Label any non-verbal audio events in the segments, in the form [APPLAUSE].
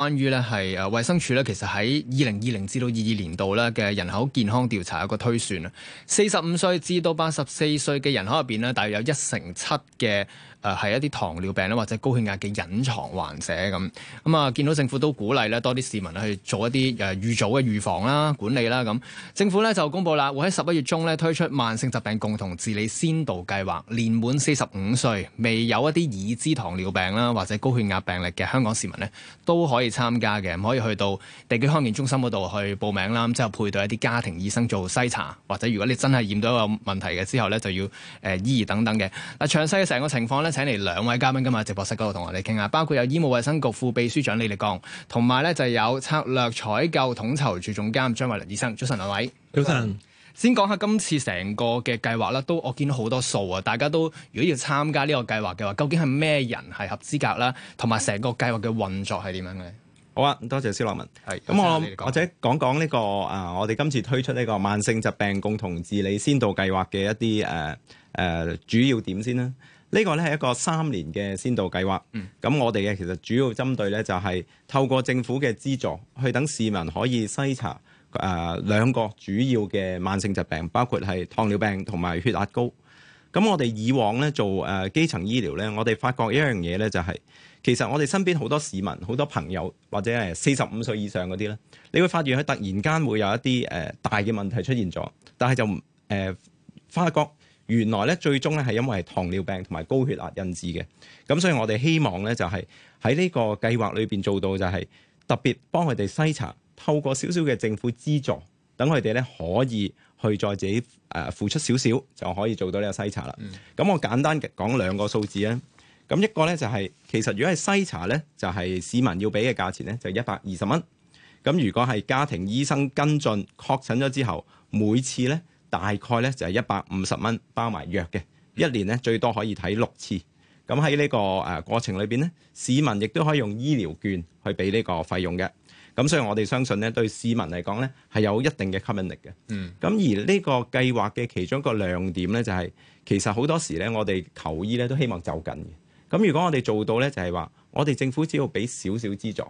關於咧係誒衛生署咧，其實喺二零二零至到二二年度咧嘅人口健康調查一個推算啊，四十五歲至到八十四歲嘅人口入面咧，大約有一成七嘅。誒係一啲糖尿病啦，或者高血壓嘅隱藏患者咁咁啊！見到政府都鼓勵咧，多啲市民去做一啲誒預早嘅預防啦、管理啦咁、嗯。政府咧就公佈啦，會喺十一月中咧推出慢性疾病共同治理先導計劃。年滿四十五歲未有一啲已知糖尿病啦或者高血壓病歷嘅香港市民咧，都可以參加嘅，唔可以去到地區康健中心嗰度去報名啦。之後配對一啲家庭醫生做篩查，或者如果你真係驗到有問題嘅之後咧，就要誒、呃、醫等等嘅。嗱，詳細嘅成個情況咧。請嚟兩位嘉賓今日直播室嗰度同我哋傾下，包括有醫務衛生局副秘書長李力綱，同埋咧就有策略採購統籌處總監張偉麟醫生。早晨，兩位早晨上。先講下今次成個嘅計劃啦，都我見到好多數啊。大家都如果要參加呢個計劃嘅話，究竟係咩人係合資格啦？同埋成個計劃嘅運作係點樣嘅？好啊，多謝肖立文。係咁，我諗或者講講呢個啊、呃，我哋今次推出呢個慢性疾病共同治理先導計劃嘅一啲誒誒主要點先啦。呢個咧係一個三年嘅先導計劃。咁、嗯、我哋嘅其實主要針對呢，就係透過政府嘅資助，去等市民可以篩查誒兩、呃、個主要嘅慢性疾病，包括係糖尿病同埋血壓高。咁我哋以往咧做誒、呃、基層醫療呢，我哋發覺一樣嘢呢，就係、是，其實我哋身邊好多市民、好多朋友或者係四十五歲以上嗰啲呢，你會發現佢突然間會有一啲誒、呃、大嘅問題出現咗，但係就唔誒、呃、發覺。原來咧，最終咧係因為糖尿病同埋高血壓引致嘅。咁所以，我哋希望咧就係喺呢個計劃裏邊做到就係特別幫佢哋篩查，透過少少嘅政府資助，等佢哋咧可以去再自己誒付出少少就可以做到呢個篩查啦。咁、嗯、我簡單嘅講兩個數字啊。咁一個咧就係、是、其實如果係篩查咧，就係、是、市民要俾嘅價錢咧就一百二十蚊。咁如果係家庭醫生跟進確診咗之後，每次咧，大概咧就係一百五十蚊包埋藥嘅，一年咧最多可以睇六次。咁喺呢個誒、呃、過程裏邊咧，市民亦都可以用醫療券去俾呢個費用嘅。咁所以我哋相信咧，對市民嚟講咧係有一定嘅吸引力嘅。嗯。咁而呢個計劃嘅其中一個亮點咧，就係、是、其實好多時咧，我哋求醫咧都希望就近嘅。咁如果我哋做到咧，就係、是、話我哋政府只要俾少少資助，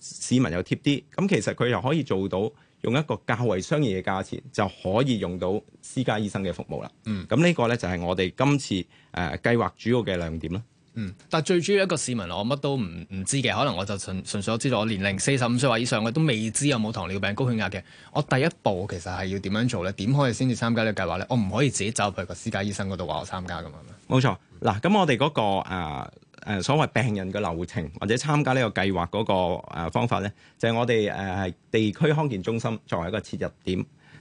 市民又貼啲，咁其實佢又可以做到。用一個較為相宜嘅價錢就可以用到私家醫生嘅服務啦。嗯，咁呢個呢就係我哋今次誒計劃主要嘅亮點。嗯，但係最主要一個市民，我乜都唔唔知嘅，可能我就純純粹知道我年齡四十五歲或以上我都未知有冇糖尿病、高血壓嘅，我第一步其實係要點樣做呢？點可以先至參加呢個計劃呢？我唔可以自己走入去個私家醫生嗰度話我參加咁啊？冇錯，嗱、那個，咁我哋嗰個誒所謂病人嘅流程或者參加呢個計劃嗰、那個、呃、方法呢，就係、是、我哋誒、呃、係地區康健中心作為一個切入點。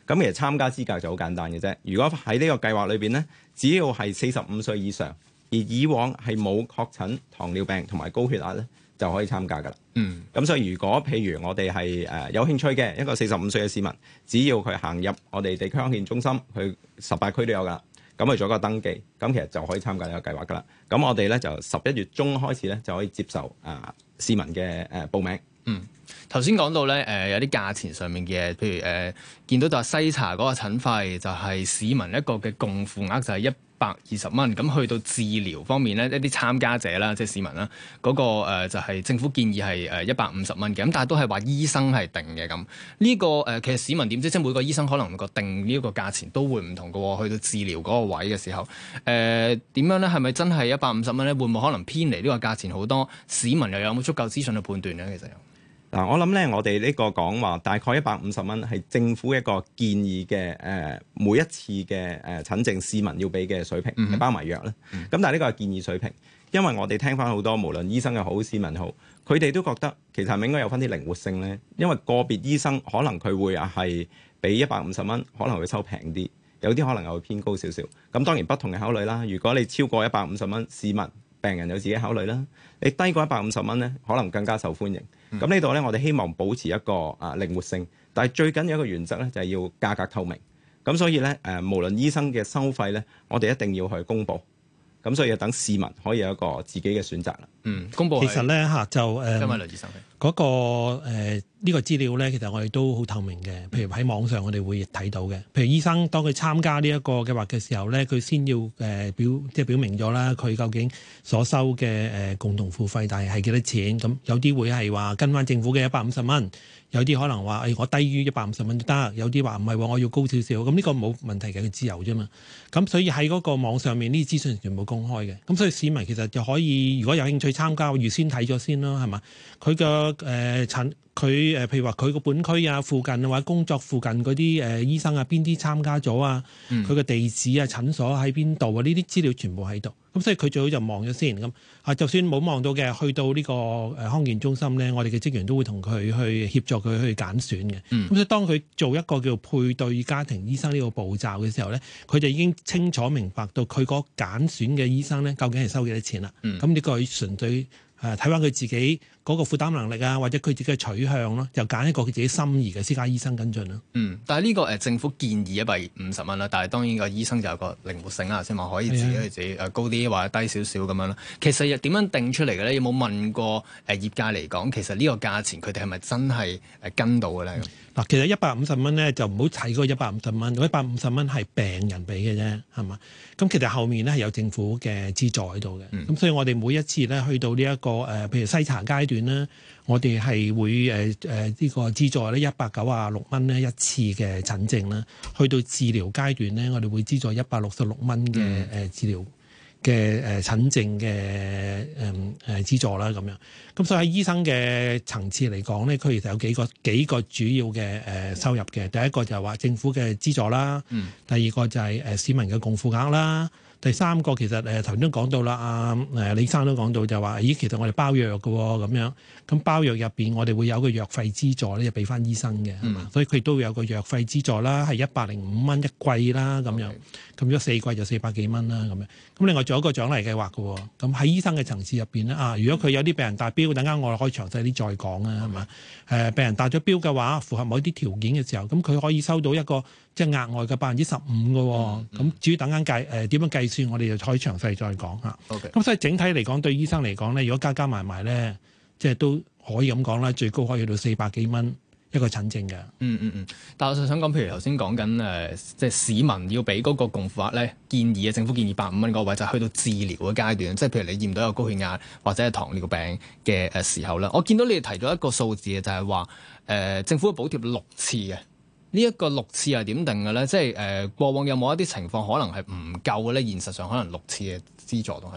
咁其實參加資格就好簡單嘅啫。如果喺呢個計劃裏邊呢，只要係四十五歲以上。而以往係冇確診糖尿病同埋高血壓咧，就可以參加噶啦。嗯，咁所以如果譬如我哋係誒有興趣嘅一個四十五歲嘅市民，只要佢行入我哋地區康健中心，去十八區都有噶。咁佢做一個登記，咁其實就可以參加呢個計劃噶啦。咁我哋咧就十一月中開始咧就可以接受啊市民嘅誒報名。嗯，頭先講到咧誒、呃、有啲價錢上面嘅，譬如誒、呃、見到就係西茶嗰個診費就係、是、市民一個嘅共付額就係一百二十蚊，咁去到治療方面咧，一啲參加者啦，即係市民啦，嗰個誒就係政府建議係誒一百五十蚊嘅，咁但係都係話醫生係定嘅咁。呢個誒其實市民點知？即係每個醫生可能個定呢一個價錢都會唔同嘅喎。去到治療嗰個位嘅時候，誒點樣咧？係咪真係一百五十蚊咧？會唔會可能偏離呢個價錢好多？市民又有冇足夠資訊去判斷咧？其實嗱，我諗咧，我哋呢個講話大概一百五十蚊係政府一個建議嘅誒、呃、每一次嘅誒診症市民要俾嘅水平，嗯、哼包埋藥啦。咁、嗯、哼但係呢個係建議水平，因為我哋聽翻好多，無論醫生又好，市民好，佢哋都覺得其實係咪應該有翻啲靈活性呢？因為個別醫生可能佢會啊係俾一百五十蚊，可能會收平啲，有啲可能又會偏高少少。咁當然不同嘅考慮啦。如果你超過一百五十蚊，市民。病人有自己考慮啦，你低過一百五十蚊咧，可能更加受歡迎。咁呢度咧，我哋希望保持一個啊靈活性，但係最緊要一個原則咧，就係要價格透明。咁所以咧，誒無論醫生嘅收費咧，我哋一定要去公佈。咁所以要等市民可以有一個自己嘅選擇啦。嗯，公佈其實咧下晝誒。呃、今日梁子生。嗰個、呃、呢個資料咧，其實我哋都好透明嘅。譬如喺網上，我哋會睇到嘅。譬如醫生當佢參加呢一個計劃嘅時候咧，佢先要誒、呃、表即係表明咗啦，佢究竟所收嘅誒、呃、共同付費，但係係幾多錢？咁有啲會係話跟翻政府嘅一百五十蚊，有啲可能話誒、哎、我低於一百五十蚊都得，有啲話唔係喎，我要高少少。咁呢個冇問題嘅，佢自由啫嘛。咁所以喺嗰個網上面，呢啲資訊全部公開嘅。咁所以市民其實就可以如果有興趣參加，我預先睇咗先囉，係嘛？佢嘅誒，診佢誒，譬如話佢個本區啊，附近或者工作附近嗰啲誒醫生啊，邊啲參加咗啊？佢個、嗯、地址啊，診所喺邊度啊？呢啲資料全部喺度，咁所以佢最好就望咗先咁。啊，就算冇望到嘅，去到呢、這個誒、呃、康健中心咧，我哋嘅職員都會同佢去協助佢去揀選嘅。咁、嗯、所以當佢做一個叫配對家庭醫生呢個步驟嘅時候咧，佢就已經清楚明白到佢嗰揀選嘅醫生咧，究竟係收幾多錢啦。咁呢個純粹。誒睇翻佢自己嗰個負擔能力啊，或者佢自己嘅取向咯、啊，又揀一個佢自己心儀嘅私家醫生跟進咯、啊。嗯，但係呢、呢個誒、呃、政府建議一百五十蚊啦。但係當然個醫生就有個靈活性啦，先話可以自己、嗯、自己誒高啲或者低少少咁樣咯。其實又點樣定出嚟嘅咧？有冇問過誒、呃、業界嚟講，其實呢個價錢佢哋係咪真係誒跟到嘅咧？嗯嗱，其實一百五十蚊咧就唔好睇嗰一百五十蚊，嗰一百五十蚊係病人俾嘅啫，係嘛？咁其實後面咧係有政府嘅資助喺度嘅，咁、嗯、所以我哋每一次咧去到呢、這、一個誒、呃，譬如篩查階段咧，我哋係會誒誒呢個資助咧一百九啊六蚊咧一次嘅診症啦，去到治療階段咧，我哋會資助一百六十六蚊嘅誒治療。嘅誒診症嘅誒誒資助啦，咁樣咁、啊、所以喺醫生嘅層次嚟講咧，佢其實有幾個幾個主要嘅誒、呃、收入嘅。第一個就係話政府嘅資助啦，第二個就係誒市民嘅共付額啦。第三個其實誒頭、呃啊呃、先講到啦，阿誒李生都講到就話咦、啊呃，其實我哋包藥嘅咁樣咁、啊、包藥入邊，我哋會有個藥費資助咧，就俾翻醫生嘅，嗯、所以佢都有個藥費資助啦，係一百零五蚊一季啦，咁樣咁咗四季就四百幾蚊啦，咁樣。Okay. 咁另外仲有一個獎勵計劃嘅、哦，咁喺醫生嘅層次入邊咧，啊，如果佢有啲病人達標，等間我哋可以詳細啲再講啊，係嘛 Okay.？誒、呃，病人達咗標嘅話，符合某啲條件嘅時候，咁佢可以收到一個即係額外嘅百分之十五嘅，咁、mm hmm. 至於等間計誒點樣計算，我哋就可以詳細再講啊。咁 Okay. 所以整體嚟講，對醫生嚟講咧，如果加加埋埋咧，即係都可以咁講啦，最高可以到四百幾蚊。一個診症嘅、嗯，嗯嗯嗯，但我就想講，譬如頭先講緊誒，即係市民要俾嗰個共付額咧，建議嘅政府建議百五蚊個位，就去到治療嘅階段，即係譬如你驗到有高血壓或者係糖尿病嘅誒時候啦。我見到你哋提咗一個數字嘅，就係話誒政府補貼六次嘅，呢、這、一個六次係點定嘅咧？即係誒、呃、過往有冇一啲情況可能係唔夠嘅咧？現實上可能六次嘅資助都係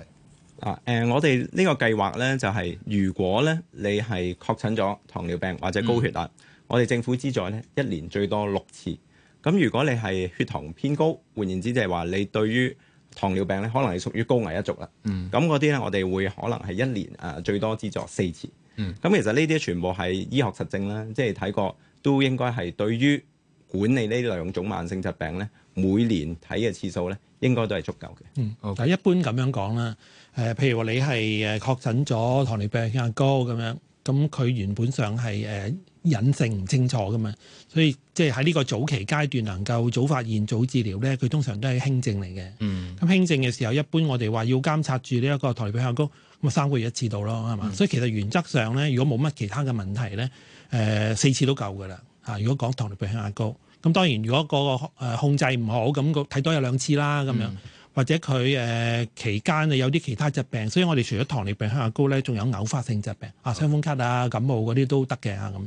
啊誒、呃，我哋呢個計劃咧就係、是、如果咧你係確診咗糖尿病或者高血壓。嗯我哋政府資助咧，一年最多六次。咁如果你係血糖偏高，換言之就係話你對於糖尿病咧，可能係屬於高危一族啦。咁嗰啲咧，我哋會可能係一年誒、啊、最多資助四次。咁、嗯、其實呢啲全部係醫學實證啦，即係睇過都應該係對於管理呢兩種慢性疾病咧，每年睇嘅次數咧，應該都係足夠嘅。嗯，好。Okay. 但一般咁樣講啦，誒、呃，譬如話你係誒確診咗糖尿病血壓高咁樣，咁佢原本上係誒。呃隱性唔清楚噶嘛，所以即係喺呢個早期階段能夠早發現早治療咧，佢通常都係輕症嚟嘅。嗯。咁輕症嘅時候，一般我哋話要監察住呢一個糖尿病血壓高，咁啊三個月一次到咯，係嘛？所以其實原則上咧，如果冇乜其他嘅問題咧，誒四次都夠㗎啦。啊，如果講糖尿病血壓高，咁當然如果個誒控制唔好，咁個睇多有兩次啦，咁樣或者佢誒期間啊有啲其他疾病，所以我哋除咗糖尿病血壓高咧，仲有偶發性疾病啊，傷風咳啊、感冒嗰啲都得嘅啊咁。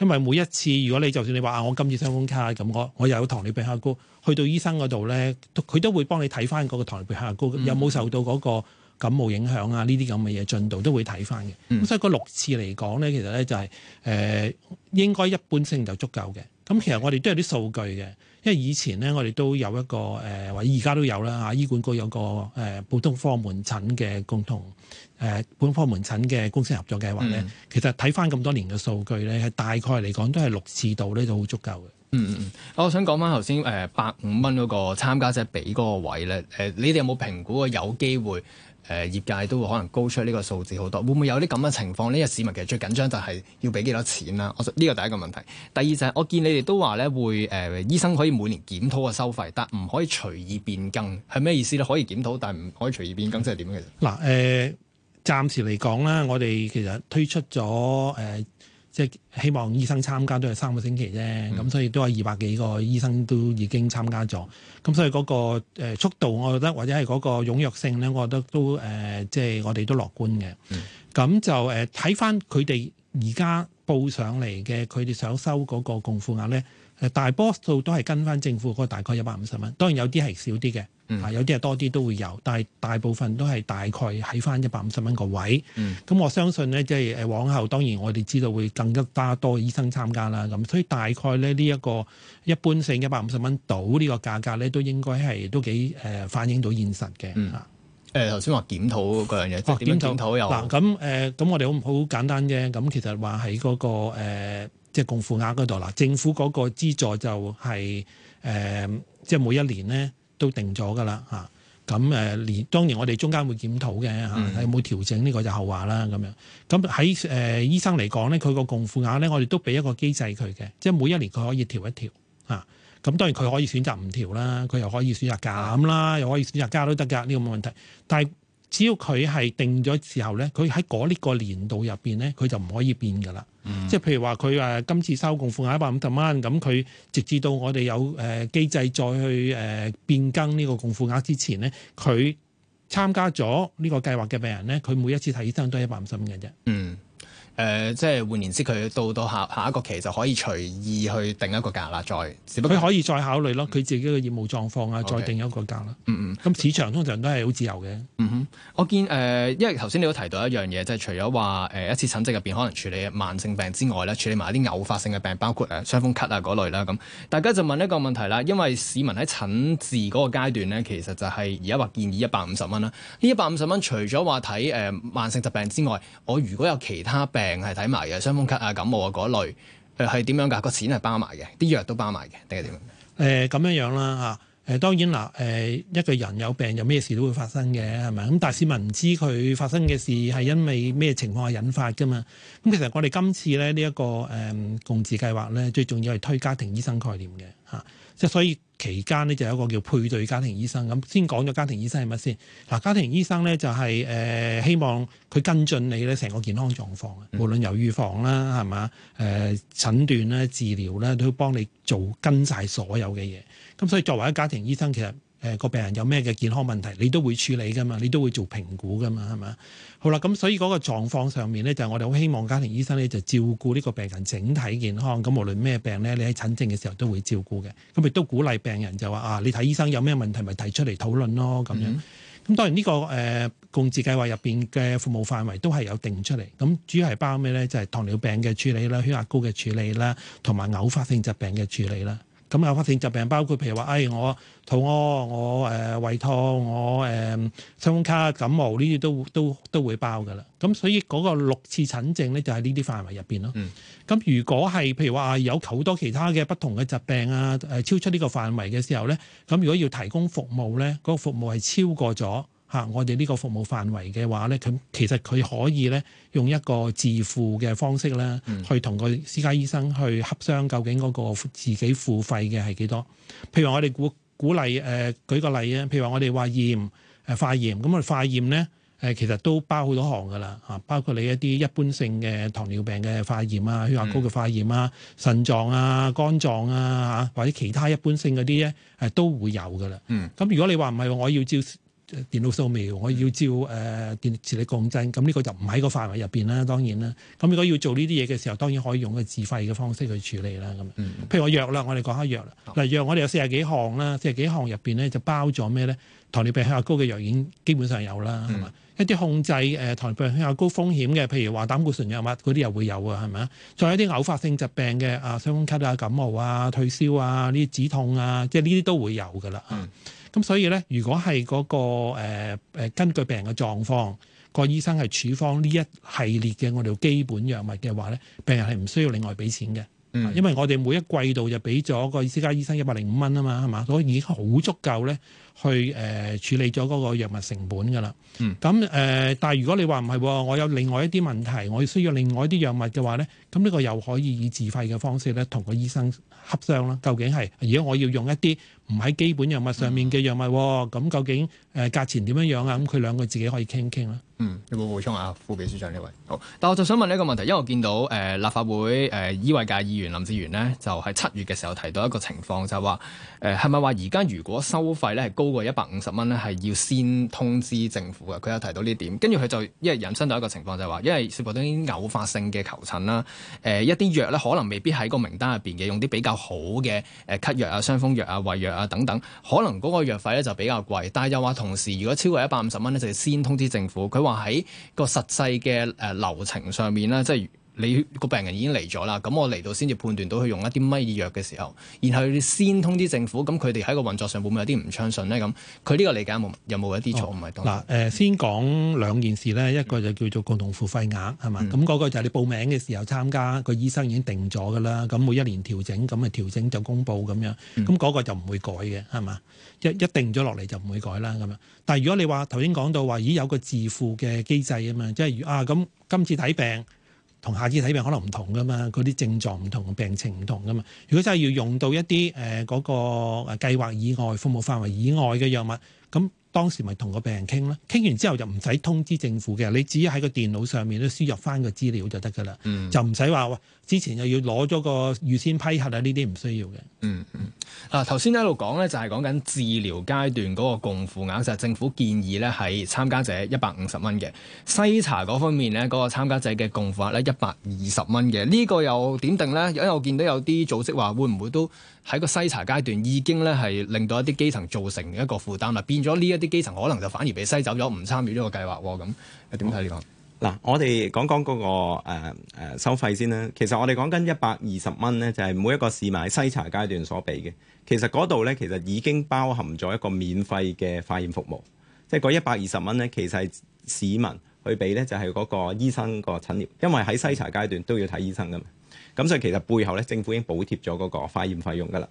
因為每一次，如果你就算你話啊，我今次傷風卡咁，我我又有糖尿病下高，去到醫生嗰度咧，佢都會幫你睇翻嗰個糖尿病下高，嗯、有冇受到嗰個感冒影響啊？呢啲咁嘅嘢進度都會睇翻嘅。嗯、所以嗰六次嚟講咧，其實咧就係、是、誒、呃、應該一般性就足夠嘅。咁其實我哋都有啲數據嘅，因為以前咧我哋都有一個誒，或者而家都有啦嚇，醫管局有個誒、呃、普通科門診嘅共同。誒本科門診嘅公私合作計劃咧，嗯、其實睇翻咁多年嘅數據咧，係大概嚟講都係六次度呢，都好足夠嘅。嗯嗯嗯，我想講翻頭先誒百五蚊嗰個參加者俾嗰個位咧，誒、呃、你哋有冇評估過有機會誒、呃、業界都會可能高出呢個數字好多？會唔會有啲咁嘅情況？呢個市民其實最緊張就係要俾幾多錢啦。我呢個第一個問題，第二就係、是、我見你哋都話咧會誒、呃、醫生可以每年檢討嘅收費，但唔可以隨意變更係咩意思咧？可以檢討，但唔可以隨意變更是，即係點嘅？嗱、呃、誒。暫時嚟講啦，我哋其實推出咗誒，即、呃、係希望醫生參加都係三個星期啫，咁、嗯、所以都有二百幾個醫生都已經參加咗，咁、嗯、所以嗰個速度，我覺得或者係嗰個踴躍性咧，我覺得都誒、呃，即係我哋都樂觀嘅。咁、嗯、就誒睇翻佢哋而家報上嚟嘅，佢哋想收嗰個共付額咧，誒大多數都係跟翻政府嗰個大概一百五十蚊，當然有啲係少啲嘅。啊！嗯、有啲係多啲都會有，但係大部分都係大概喺翻一百五十蚊個位。咁、嗯、我相信咧，即係誒往後當然我哋知道會更加多醫生參加啦。咁所以大概咧呢一、這個一般性一百五十蚊到呢個價格咧，都應該係都幾誒、呃、反映到現實嘅。嗯。誒頭先話檢討嗰樣嘢，即係點檢討又嗱咁誒咁，我哋好唔好簡單啫。咁其實話喺嗰個即係共付額嗰度啦，政府嗰個資助就係、是、誒、呃、即係每一年咧。都定咗㗎喇嚇，咁誒連當然我哋中間會檢討嘅嚇，啊、有冇調整呢個就後話啦咁樣。咁喺誒醫生嚟講咧，佢個共付額咧，我哋都俾一個機制佢嘅，即、就、係、是、每一年佢可以調一調嚇。咁、啊啊、當然佢可以選擇唔調啦，佢又可以選擇減啦，又可以選擇加都得㗎，呢個冇問題。但係，只要佢係定咗時候咧，佢喺嗰呢個年度入邊咧，佢就唔可以變噶啦。即係、嗯、譬如話佢誒今次收共付額一百五十蚊，咁佢直至到我哋有誒機制再去誒變更呢個共付額之前咧，佢參加咗呢個計劃嘅病人咧，佢每一次睇醫生都係一百五十蚊嘅啫。嗯。誒、呃，即係換言之，佢到到下下一個期就可以隨意去定一個價啦，再佢可以再考慮咯，佢、嗯、自己嘅業務狀況啊，嗯、再定一個價啦。咁、嗯嗯、市場通常都係好自由嘅、嗯嗯。我見誒、呃，因為頭先你都提到一樣嘢，即係除咗話誒一次診症入邊可能處理慢性病之外咧，處理埋啲偶發性嘅病，包括誒傷風咳啊嗰類啦。咁大家就問一個問題啦，因為市民喺診治嗰個階段呢，其實就係而家話建議一百五十蚊啦。呢一百五十蚊除咗話睇誒慢性疾病之外，我如果有其他病病係睇埋嘅？傷風咳啊、感冒啊嗰類，誒係點樣噶？個錢係包埋嘅？啲藥都包埋嘅，定係點樣？誒、呃，咁樣樣啦吓，誒、呃，當然啦，誒、呃，一個人有病，有咩事都會發生嘅，係咪？咁但係市民唔知佢發生嘅事係因為咩情況下引發噶嘛？咁、嗯、其實我哋今次咧呢一、這個誒、呃、共治計劃咧，最重要係推家庭醫生概念嘅吓。啊即係所以期間咧，就有一個叫配對家庭醫生咁，先講咗家庭醫生係乜先？嗱，家庭醫生咧就係、是、誒、呃、希望佢跟進你咧成個健康狀況啊，無論由預防啦，係嘛，誒，診斷啦、治療啦，都幫你做跟晒所有嘅嘢。咁所以作為一家庭醫生，其實～誒個病人有咩嘅健康問題，你都會處理噶嘛，你都會做評估噶嘛，係咪？好啦，咁所以嗰個狀況上面咧，就係、是、我哋好希望家庭醫生咧，就照顧呢個病人整體健康。咁無論咩病咧，你喺診症嘅時候都會照顧嘅。咁亦都鼓勵病人就話啊，你睇醫生有咩問題咪提出嚟討論咯咁樣。咁、mm hmm. 當然呢、這個誒、呃、共治計劃入邊嘅服務範圍都係有定出嚟。咁主要係包咩咧？就係、是、糖尿病嘅處理啦、血壓高嘅處理啦，同埋偶發性疾病嘅處理啦。咁有發性疾病，包括譬如話，誒、哎、我肚屙、我誒、呃、胃痛、我誒傷風卡、感冒呢啲都都都會包嘅啦。咁所以嗰個六次診症咧，就喺呢啲範圍入邊咯。咁、嗯、如果係譬如話有好多其他嘅不同嘅疾病啊，誒、呃、超出呢個範圍嘅時候咧，咁如果要提供服務咧，嗰、那個服務係超過咗。嚇、啊！我哋呢個服務範圍嘅話咧，咁其實佢可以咧用一個自付嘅方式咧，去同個私家醫生去洽商，究竟嗰個自己付費嘅係幾多？譬如我哋鼓鼓勵誒、呃，舉個例啊，譬如話我哋話驗誒化驗，咁啊化驗咧誒，其實都包好多項噶啦嚇，包括你一啲一般性嘅糖尿病嘅化驗啊、血壓高嘅化驗、嗯、啊、腎臟啊、肝臟啊嚇，或者其他一般性嗰啲咧誒都會有噶啦。嗯，咁如果你話唔係，我要照電腦掃描，我要照誒電磁力共振，咁呢個就唔喺個範圍入邊啦，當然啦。咁如果要做呢啲嘢嘅時候，當然可以用個自費嘅方式去處理啦。咁譬如我藥啦，我哋講下藥啦。嗱好，藥我哋有四十幾項啦，四十幾項入邊咧就包咗咩咧？糖尿病血壓高嘅藥已經基本上有啦，係嘛、嗯？一啲控制誒糖尿病血壓高風險嘅，譬如話膽固醇藥物嗰啲又會有嘅，係咪啊？再有一啲偶發性疾病嘅啊，傷風咳啊、感冒啊、退燒啊、呢啲止痛啊，即係呢啲都會有嘅啦。咁所以咧，如果係嗰、那個誒、呃呃、根據病人嘅狀況，個醫生係處方呢一系列嘅我哋叫基本藥物嘅話咧，病人係唔需要另外俾錢嘅，嗯、因為我哋每一季度就俾咗個私家醫生一百零五蚊啊嘛，係嘛，所以已經好足夠咧。去誒、呃、處理咗嗰個藥物成本㗎啦。嗯。咁誒、呃，但係如果你話唔係喎，我有另外一啲問題，我需要另外一啲藥物嘅話呢，咁呢個又可以以自費嘅方式咧，同個醫生洽商啦。究竟係如果我要用一啲唔喺基本藥物上面嘅藥物，咁、嗯哦、究竟誒、呃、價錢點樣樣啊？咁佢兩個自己可以傾一傾啦。嗯。有冇補充啊？副秘書長呢位。好。但我就想問呢個問題，因為我見到誒、呃、立法會誒醫衛界議員林志源呢，就係七月嘅時候提到一個情況，就話誒係咪話而家如果收費呢？高過一百五十蚊咧，係要先通知政府嘅。佢有提到呢點，跟住佢就因為引申到一個情況就係話，因為少部分啲偶發性嘅求診啦，誒、呃、一啲藥咧可能未必喺個名單入邊嘅，用啲比較好嘅誒咳藥啊、傷風藥啊、胃藥啊等等，可能嗰個藥費咧就比較貴。但係又話同時，如果超過一百五十蚊咧，就要先通知政府。佢話喺個實際嘅誒流程上面咧，即係。你個病人已經嚟咗啦，咁我嚟到先至判斷到佢用一啲乜藥嘅時候，然後你先通知政府，咁佢哋喺個運作上會唔會有啲唔暢順咧？咁佢呢個理解有冇一啲錯誤喺度？嗱誒、哦，先講兩件事咧，嗯、一個就叫做共同付費額係嘛？咁嗰、嗯、個就係你報名嘅時候參加個醫生已經定咗㗎啦，咁每一年調整咁啊調整就公佈咁樣，咁嗰、嗯、個就唔會改嘅係嘛？一一定咗落嚟就唔會改啦咁樣。但係如果你話頭先講到話咦有個自付嘅機制啊嘛，即係啊咁今次睇病。同下次睇病可能唔同㗎嘛，嗰啲症狀唔同，病情唔同㗎嘛。如果真係要用到一啲誒嗰個計劃以外、服務範圍以外嘅藥物，咁。當時咪同個病人傾啦，傾完之後就唔使通知政府嘅，你只要喺個電腦上面都輸入翻個資料就得噶啦，嗯、就唔使話之前又要攞咗個預先批核、嗯嗯嗯、啊，呢啲唔需要嘅。嗯嗯，啊頭先一路講呢，就係講緊治療階段嗰個共付額，就係、是、政府建議呢，係參加者一百五十蚊嘅篩查嗰方面呢，嗰、那個參加者嘅共付額呢，一百二十蚊嘅，呢、這個又點定呢？因為我見到有啲組織話會唔會都？喺個篩查階段已經咧係令到一啲基層造成一個負擔啦，變咗呢一啲基層可能就反而被篩走咗，唔參與呢個計劃咁，點睇呢個？嗱、嗯啊，我哋講講嗰個誒、呃呃、收費先啦。其實我哋講緊一百二十蚊咧，就係、是、每一個市民喺篩查階段所俾嘅。其實嗰度咧，其實已經包含咗一個免費嘅化驗服務，即係嗰一百二十蚊咧，其實係市民。對比咧就係、是、嗰個醫生個診療，因為喺篩查階段都要睇醫生噶嘛，咁所以其實背後咧政府已經補貼咗嗰個化驗費用噶啦。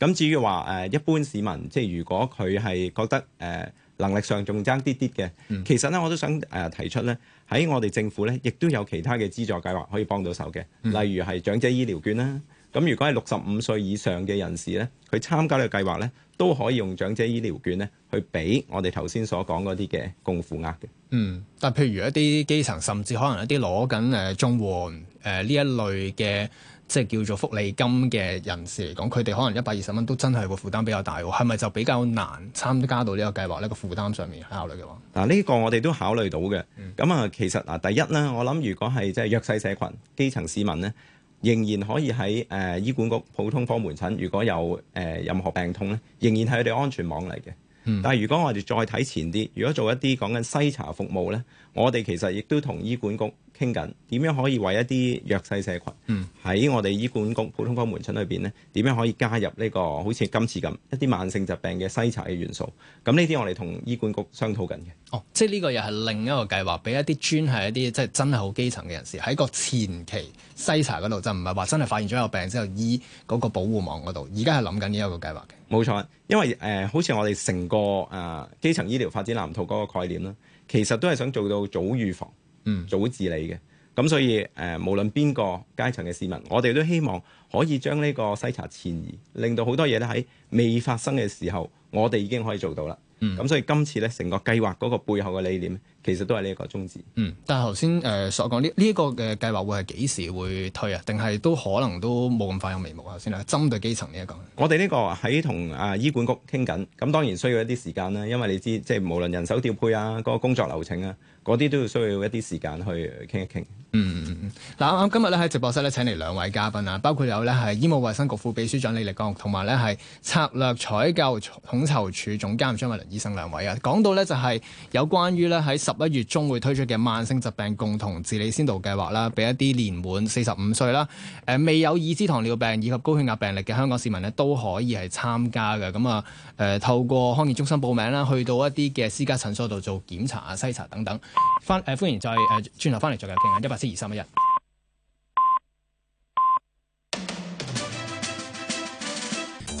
咁至於話誒、呃、一般市民，即係如果佢係覺得誒、呃、能力上仲爭啲啲嘅，嗯、其實咧我都想誒、呃、提出咧，喺我哋政府咧亦都有其他嘅資助計劃可以幫到手嘅，例如係長者醫療券啦。咁如果係六十五歲以上嘅人士咧，佢參加呢個計劃咧。都可以用長者醫療券咧，去俾我哋頭先所講嗰啲嘅共付額嘅。嗯，但譬如一啲基層，甚至可能一啲攞緊誒綜援誒呢一類嘅，即係叫做福利金嘅人士嚟講，佢哋可能一百二十蚊都真係個負擔比較大喎。係咪就比較難參加到呢個計劃呢？呢個負擔上面考慮嘅喎。嗱、啊，呢、呢個我哋都考慮到嘅。咁啊、嗯，其實嗱，第一咧，我諗如果係即係弱勢社群、基層市民咧。仍然可以喺誒、呃、醫管局普通科門診，如果有誒、呃、任何病痛咧，仍然係佢哋安全網嚟嘅。嗯、但係如果我哋再睇前啲，如果做一啲講緊篩查服務咧，我哋其實亦都同醫管局傾緊點樣可以為一啲弱勢社群喺我哋醫管局、嗯、普通科門診裏邊呢，點樣可以加入呢、呢個好似今次咁一啲慢性疾病嘅篩查嘅元素？咁呢啲我哋同醫管局商討緊嘅。哦，即係呢個又係另一個計劃，俾一啲專係一啲即係真係好基層嘅人士喺個前期篩查嗰度，就唔係話真係發現咗有病之後醫嗰個保護網嗰度。而家係諗緊呢一個計劃嘅。冇錯，因為誒、呃、好似我哋成個誒、呃、基層醫療發展藍圖嗰個概念咧，其實都係想做到早預防。嗯，早治理嘅，咁所以誒、呃，無論邊個階層嘅市民，我哋都希望可以將呢個篩查前移，令到好多嘢咧喺未發生嘅時候，我哋已經可以做到啦。嗯，咁所以今次咧，成個計劃嗰個背後嘅理念，其實都係呢一個宗旨。嗯，但係頭先誒所講呢呢一個嘅計劃會係幾時會推啊？定係都可能都冇咁快有眉目啊？先啦，針對基層呢、這、一個，我哋呢個喺同啊醫管局傾緊，咁當然需要一啲時間啦，因為你知即係無論人手調配啊，嗰、那個工作流程啊。嗰啲都要需要一啲時間去傾一傾。嗯嗯嗯，嗱啱今日咧喺直播室咧請嚟兩位嘉賓啊，包括有咧係醫務衛生局副秘書長李力綱，同埋咧係策略採購統籌處總監張偉麟醫生兩位啊。講到咧就係有關於咧喺十一月中會推出嘅慢性疾病共同治理先導計劃啦，俾一啲年滿四十五歲啦，誒未有二型糖尿病以及高血壓病歷嘅香港市民咧都可以係參加嘅。咁、嗯、啊～誒透過康健中心報名啦，去到一啲嘅私家診所度做檢查啊、篩查等等。翻誒、呃、歡迎再誒轉頭返嚟再嚟傾啊！一八七二三一一。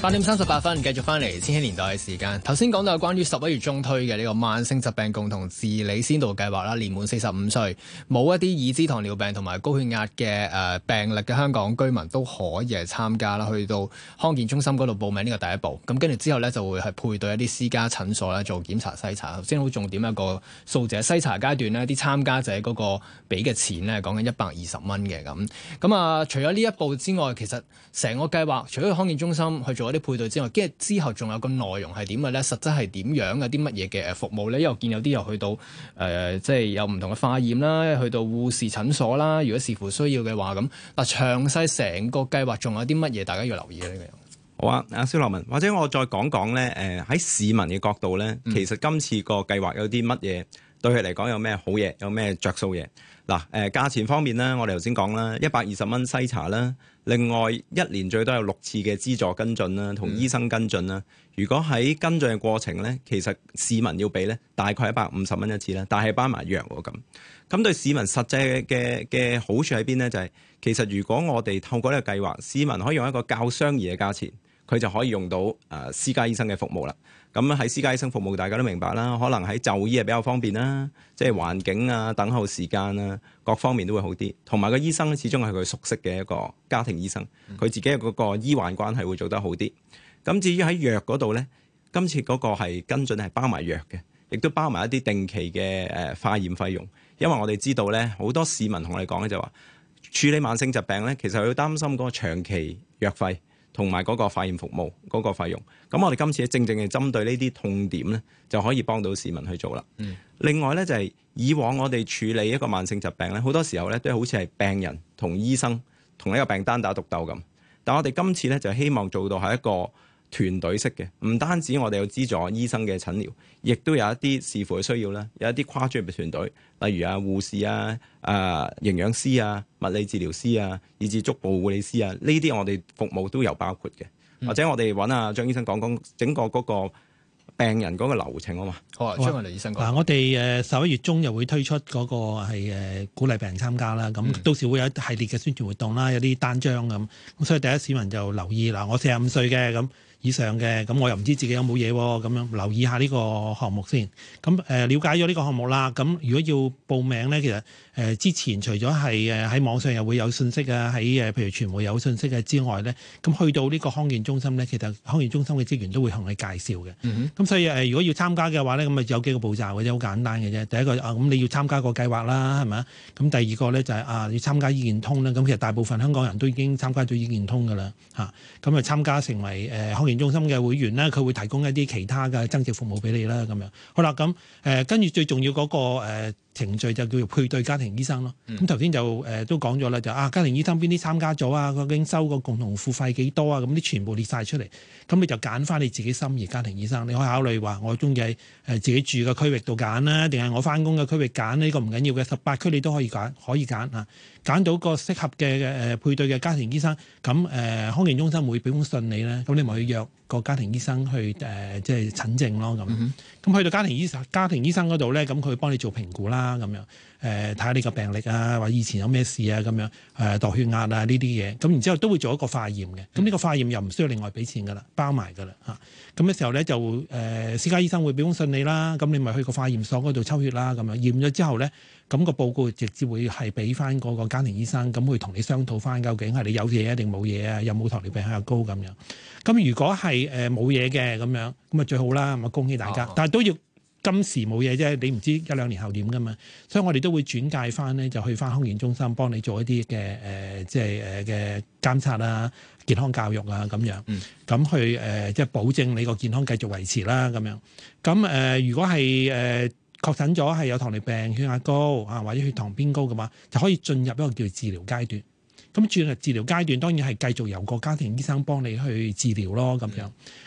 八點三十八分，繼續翻嚟千禧年代嘅時間。頭先講到有關於十一月中推嘅呢個慢性疾病共同治理先導計劃啦，年滿四十五歲冇一啲已知糖尿病同埋高血壓嘅誒病歷嘅、呃、香港居民都可以嚟參加啦，去到康健中心嗰度報名呢、這個第一步。咁跟住之後呢，就會係配對一啲私家診所咧做檢查篩查。頭先好重點一個數字，篩查階段呢啲參加者嗰個俾嘅錢呢講緊一百二十蚊嘅咁。咁啊，除咗呢一步之外，其實成個計劃除咗康健中心去做。嗰啲配對之外，跟住之後仲有個內容係點嘅咧？實質係點樣嘅啲乜嘢嘅誒服務咧？因為見有啲又去到誒、呃，即係有唔同嘅化驗啦，去到護士診所啦。如果視乎需要嘅話，咁嗱、啊，詳細成個計劃仲有啲乜嘢？大家要留意咧。呢個好啊，阿肖立文，或者我再講講咧誒，喺、呃、市民嘅角度咧，其實今次個計劃有啲乜嘢對佢嚟講有咩好嘢，有咩着數嘢嗱誒？價錢方面咧，我哋頭先講啦，一百二十蚊篩查啦。另外一年最多有六次嘅資助跟進啦，同醫生跟進啦。嗯、如果喺跟進嘅過程呢，其實市民要俾呢大概一百五十蚊一次啦，但係包埋藥喎咁。咁對市民實際嘅嘅好處喺邊呢？就係、是、其實如果我哋透過呢個計劃，市民可以用一個較相宜嘅價錢。佢就可以用到誒私家醫生嘅服務啦。咁喺私家醫生服務，大家都明白啦。可能喺就醫係比較方便啦，即係環境啊、等候時間啊各方面都會好啲。同埋個醫生始終係佢熟悉嘅一個家庭醫生，佢自己嗰個醫患關係會做得好啲。咁至於喺藥嗰度呢，今次嗰個係跟進係包埋藥嘅，亦都包埋一啲定期嘅誒化驗費用。因為我哋知道呢，好多市民同我哋講呢就話，處理慢性疾病呢，其實佢擔心嗰個長期藥費。同埋嗰個化驗服務嗰個費用，咁我哋今次正正係針對呢啲痛點咧，就可以幫到市民去做啦。嗯、另外咧就係以往我哋處理一個慢性疾病咧，好多時候咧都好似係病人同醫生同一個病單打獨鬥咁，但我哋今次咧就希望做到係一個團隊式嘅，唔單止我哋有資助醫生嘅診療，亦都有一啲視乎嘅需要啦，有一啲跨專業嘅團隊，例如啊護士啊、啊、呃、營養師啊、物理治療師啊，以至足部護理師啊，呢啲我哋服務都有包括嘅。或者我哋揾阿張醫生講講整個嗰個病人嗰個流程啊嘛。好，嗯、好，張偉麟醫生講。嗱、啊，我哋誒十一月中又會推出嗰個係鼓勵病人參加啦，咁到時會有一系列嘅宣傳活動啦，有啲單張咁，咁所以第一市民就留意啦。我四十五歲嘅咁。以上嘅咁我又唔知自己有冇嘢喎，咁樣留意下呢個項目先。咁誒了解咗呢個項目啦，咁如果要報名呢，其實誒、呃、之前除咗係誒喺網上又會有信息啊，喺誒譬如傳媒有信息嘅之外呢，咁去到呢個康健中心呢，其實康健中心嘅職員都會同你介紹嘅。咁、mm hmm. 所以誒、呃，如果要參加嘅話呢，咁咪有幾個步驟或者好簡單嘅啫。第一個啊，咁你要參加個計劃啦，係咪啊？咁第二個呢，就係、是、啊，要參加醫健通啦。咁其實大部分香港人都已經參加咗醫健通㗎啦。嚇，咁啊參加成為誒、呃呃中心嘅會員咧，佢會提供一啲其他嘅增值服務俾你啦，咁樣好啦，咁誒，跟、呃、住最重要嗰個誒、呃程序就叫做配對家庭醫生咯。咁頭先就誒、呃、都講咗啦，就啊家庭醫生邊啲參加咗啊，究竟收個共同付費幾多啊？咁啲全部列晒出嚟，咁你就揀返你自己心儀家庭醫生。你可以考慮話，我中意喺誒自己住嘅區域度揀啦，定係我返工嘅區域揀呢、這個唔緊要嘅十八區你都可以揀，可以揀啊。揀到個適合嘅誒、呃、配對嘅家庭醫生，咁誒、呃、康健中心會俾封信你咧，咁你咪去約。嗯嗯嗯嗯個家庭醫生去誒，即係診症咯咁。咁、嗯、哼去到家庭醫生，家庭醫生嗰度咧，咁佢幫你做評估啦，咁樣誒睇下你個病歷啊，或以前有咩事啊，咁樣誒度血壓啊呢啲嘢。咁然之後都會做一個化驗嘅。咁呢個化驗又唔需要另外俾錢噶啦，包埋噶啦嚇。咁嘅、嗯、時候咧就誒、呃、私家醫生會俾封信你啦。咁你咪去個化驗所嗰度抽血啦。咁樣驗咗之後咧，咁個報告直接會係俾翻嗰個家庭醫生，咁會同你商討翻究竟係你有嘢定冇嘢啊？有冇糖尿病比較高咁樣？咁如果係誒冇嘢嘅咁樣，咁啊最好啦，咁啊恭喜大家！啊啊、但係都要今時冇嘢啫，你唔知一兩年後點噶嘛？所以我哋都會轉介翻咧，就去翻康健中心幫你做一啲嘅誒，即係誒嘅監察啊、健康教育啊咁樣，咁去誒、呃、即係保證你個健康繼續維持啦、啊、咁樣。咁誒、呃呃，如果係誒。呃確診咗係有糖尿病、血壓高啊，或者血糖偏高嘅話，就可以進入一個叫治療階段。咁進入治療階段當然係繼續由個家庭醫生幫你去治療咯，咁樣。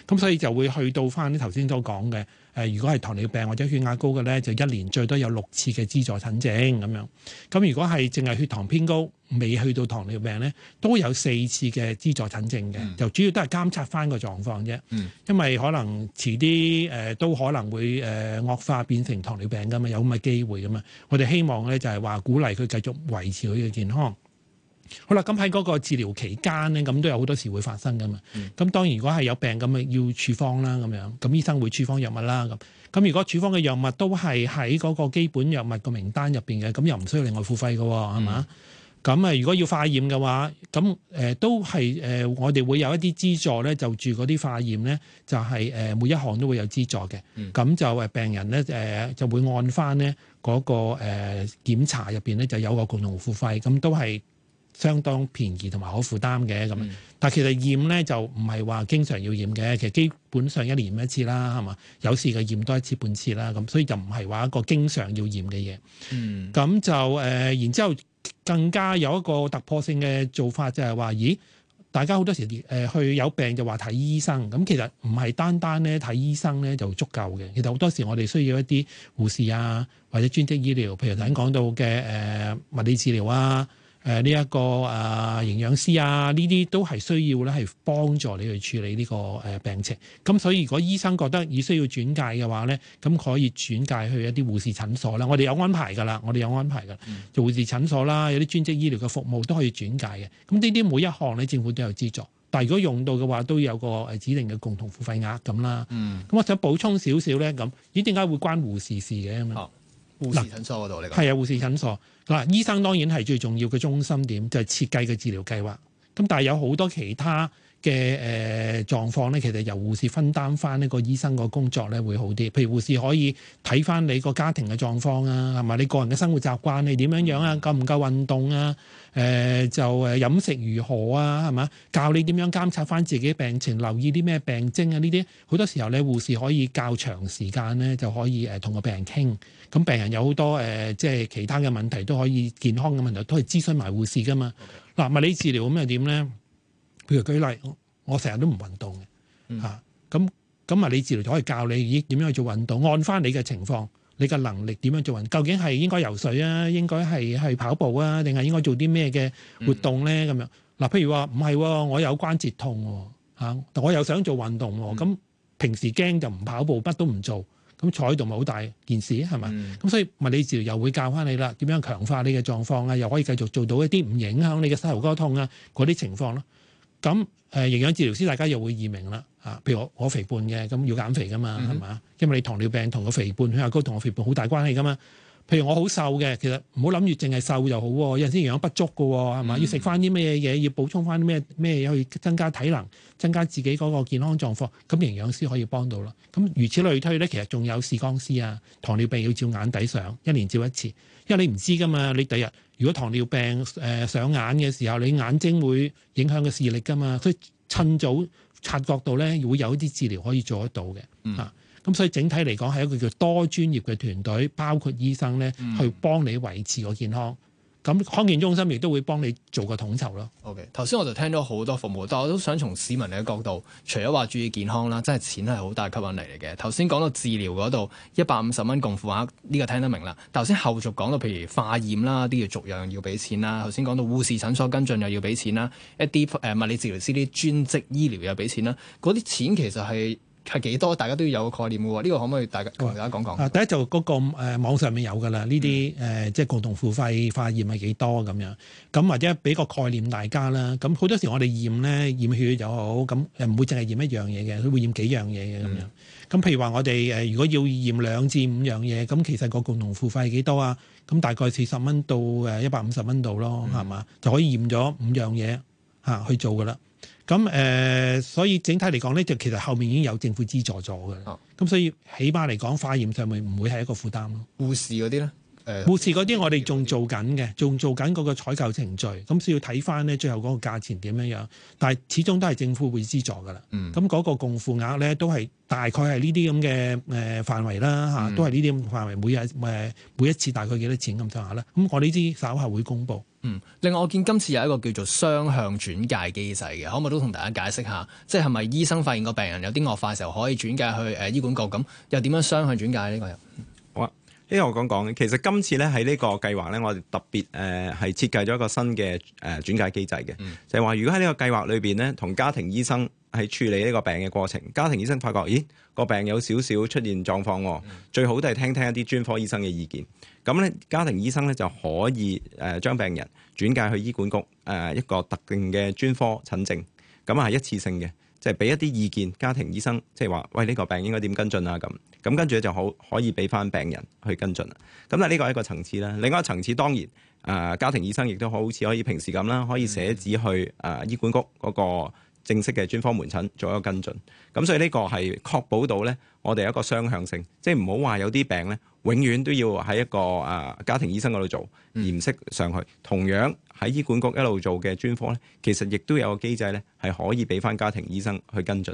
咁、嗯、所以就會去到翻你頭先所講嘅，誒、呃，如果係糖尿病或者血壓高嘅呢，就一年最多有六次嘅資助診症咁樣。咁如果係淨係血糖偏高，未去到糖尿病咧，都有四次嘅資助診症嘅，就主要都係監察返個狀況啫。因為可能遲啲誒、呃、都可能會誒、呃、惡化變成糖尿病噶嘛，有咁嘅機會噶嘛。我哋希望咧就係、是、話鼓勵佢繼續維持佢嘅健康。好啦，咁喺嗰個治療期間咧，咁都有好多事會發生噶嘛。咁當然如果係有病咁啊要處方啦，咁樣咁醫生會處方藥物啦。咁咁如果處方嘅藥物都係喺嗰個基本藥物個名單入邊嘅，咁又唔需要另外付費嘅喎、哦，係嘛、嗯？咁啊，如果要化驗嘅話，咁誒、呃、都係誒、呃，我哋會有一啲資助咧，就住嗰啲化驗咧，就係、是、誒、呃、每一項都會有資助嘅。咁、嗯、就誒病人咧誒、呃、就會按翻咧嗰個誒、呃、檢查入邊咧就有個共同付費，咁都係相當便宜同埋可負擔嘅咁。但係其實驗咧就唔係話經常要驗嘅，其實基本上一年一次啦，係嘛？有事嘅驗多一次半次啦，咁所以就唔係話一個經常要驗嘅嘢。嗯，咁就誒、呃、然之後。更加有一個突破性嘅做法就係、是、話：咦，大家好多時誒、呃、去有病就話睇醫生咁，其實唔係單單咧睇醫生咧就足夠嘅。其實好多時我哋需要一啲護士啊，或者專職醫療，譬如頭先講到嘅誒、呃、物理治療啊。誒呢一個誒營養師啊，呢啲都係需要咧，係幫助你去處理呢、這個誒、呃、病情。咁所以如果醫生覺得已需要轉介嘅話咧，咁可以轉介去一啲護士診所啦。我哋有安排㗎啦，我哋有安排㗎，做護、嗯、士診所啦，有啲專職醫療嘅服務都可以轉介嘅。咁呢啲每一項咧，政府都有資助。但係如果用到嘅話，都有個誒指定嘅共同付費額咁啦。咁、嗯、我想補充少少咧，咁咦點解會關護士事嘅咁樣？嗯嗱，護士診所度嚟講，係 [NOISE] 啊，護士診所嗱，醫生當然係最重要嘅中心點，就係、是、設計嘅治療計劃。咁但係有好多其他嘅誒、呃、狀況咧，其實由護士分擔翻呢個醫生個工作咧，會好啲。譬如護士可以睇翻你個家庭嘅狀況啊，係咪你個人嘅生活習慣係點樣樣啊，夠唔夠運動啊？誒、呃、就誒飲食如何啊？係嘛？教你點樣監察翻自己病情，留意啲咩病徵啊？呢啲好多時候咧，護士可以較長時間咧就可以誒同、呃、個病人傾。咁、嗯、病人有好多誒、呃、即係其他嘅問題都可以健康嘅問題都係諮詢埋護士噶嘛。嗱 Okay.，物理治療咁又點咧？譬如舉例，我成日都唔運動嚇，咁咁物理治療就可以教你咦點樣去做運動，按翻你嘅情況。你嘅能力點樣做運動？究竟係應該游水啊，應該係去跑步啊，定係應該做啲咩嘅活動咧？咁樣嗱，譬如話唔係，我有關節痛嚇、哦啊，我又想做運動喎、哦。咁、嗯嗯、平時驚就唔跑步，乜都唔做，咁坐喺度咪好大件事係咪？咁、嗯、所以物理治療又會教翻你啦，點樣強化你嘅狀況啊？又可以繼續做到一啲唔影響你嘅膝頭哥痛啊嗰啲情況咯、啊。咁、嗯。誒、呃、營養治療師，大家又會耳聞啦，啊，譬如我我肥胖嘅，咁要減肥噶嘛，係嘛、嗯哼？因為你糖尿病同個肥胖血壓高同我肥胖好大關係噶嘛。譬如我好瘦嘅，其實唔好諗住淨係瘦就好、啊，有時營養不足噶、啊，係嘛、嗯哼？要食翻啲咩嘢，要補充翻啲咩嘢？去增加體能，增加自己嗰個健康狀況，咁營養師可以幫到啦。咁如此類推咧，其實仲有視光師啊，糖尿病要照眼底相，一年照一次，因為你唔知噶嘛，你第日。如果糖尿病誒、呃、上眼嘅時候，你眼睛會影響嘅視力噶嘛，所以趁早察覺到咧，會有一啲治療可以做得到嘅。嚇、嗯，咁、啊、所以整體嚟講係一個叫多專業嘅團隊，包括醫生咧，去幫你維持個健康。咁康健中心亦都會幫你做個統籌咯。OK，頭先我就聽咗好多服務，但我都想從市民嘅角度，除咗話注意健康啦，真係錢係好大吸引力嚟嘅。頭先講到治療嗰度，一百五十蚊共付額，呢個聽得明啦。頭先後續講到，譬如化驗啦，啲要逐樣要俾錢啦。頭先講到護士診所跟進又要俾錢啦，一啲誒物理治療師啲專職醫療又俾錢啦，嗰啲錢其實係係幾多？大家都要有個概念嘅喎。呢、這個可唔可以大家同大家講講？啊，第一就嗰、是、個誒網上面有㗎啦。呢啲誒即係共同付費化驗係幾多咁樣？咁或者俾個概念大家啦。咁好多時我哋驗咧驗血又好，咁誒唔會淨係驗一樣嘢嘅，佢會驗幾樣嘢嘅咁樣。咁、嗯、譬如話我哋誒如果要驗兩至五樣嘢，咁其實個共同付費係幾多啊？咁大概四十蚊到誒一百五十蚊度咯，係嘛、嗯？就可以驗咗五樣嘢嚇、啊、去做㗎啦。咁誒、嗯，所以整體嚟講咧，就其實後面已經有政府資助咗㗎啦。咁、哦、所以起碼嚟講，化驗上咪唔會係一個負擔咯。護士嗰啲咧，誒、呃，護士嗰啲我哋仲做緊嘅，仲做緊嗰個採購程序，咁需要睇翻咧最後嗰個價錢點樣樣。但係始終都係政府會資助噶啦。咁嗰、嗯、個共付額咧都係大概係呢啲咁嘅誒範圍啦，嚇、嗯，都係呢啲咁嘅範圍，每日誒每一次大概幾多錢咁上下啦。咁我呢啲稍後會公布。嗯，另外我見今次有一個叫做雙向轉介機制嘅，可唔可以都同大家解釋下，即係係咪醫生發現個病人有啲惡化時候可以轉介去誒醫管局咁，又點樣雙向轉介呢個人？好啊，呢、這個我講講其實今次咧喺呢個計劃咧，我哋特別誒係設計咗一個新嘅誒轉介機制嘅，嗯、就係話如果喺呢個計劃裏邊呢，同家庭醫生。係處理呢個病嘅過程，家庭醫生發覺，咦個病有少少出現狀況，最好都係聽聽一啲專科醫生嘅意見。咁咧，家庭醫生咧就可以誒、呃、將病人轉介去醫管局誒、呃、一個特定嘅專科診症。咁啊，係一次性嘅，即係俾一啲意見。家庭醫生即係話：喂，呢、這個病應該點跟進啊？咁咁跟住咧就好可以俾翻病人去跟進。咁啊，呢個係一個層次啦。另外一個層次當然誒、呃，家庭醫生亦都好似可以平時咁啦，可以寫紙去誒、呃、醫管局嗰、那個正式嘅專科門診做一個跟進，咁所以呢個係確保到呢，我哋有一個雙向性，即係唔好話有啲病呢永遠都要喺一個啊家庭醫生嗰度做而唔續上去，同樣喺醫管局一路做嘅專科呢，其實亦都有個機制呢，係可以俾翻家庭醫生去跟進。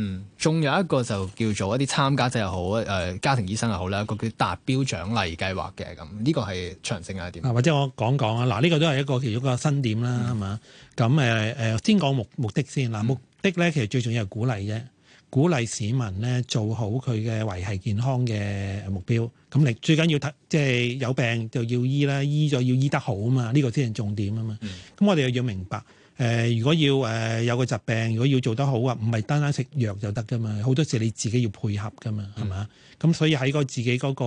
嗯，仲有一個就叫做一啲參加者又好，誒、呃、家庭醫生又好咧，一個叫達標獎勵計劃嘅咁，呢個係長線係點啊？或者我講講啊，嗱呢、這個都係一個其中一個新點啦，係嘛、嗯？咁誒誒，先講目目的先嗱，目的咧其實最重要係鼓勵啫，鼓勵市民咧做好佢嘅維係健康嘅目標。咁你最緊要睇，即、就、係、是、有病就要醫啦，醫咗要醫得好啊嘛，呢、這個先係重點啊嘛。咁、嗯、我哋又要明白。誒、呃，如果要誒、呃、有個疾病，如果要做得好啊，唔係單單食藥就得噶嘛，好多時你自己要配合噶嘛，係咪？咁、嗯嗯、所以喺個自己嗰、那個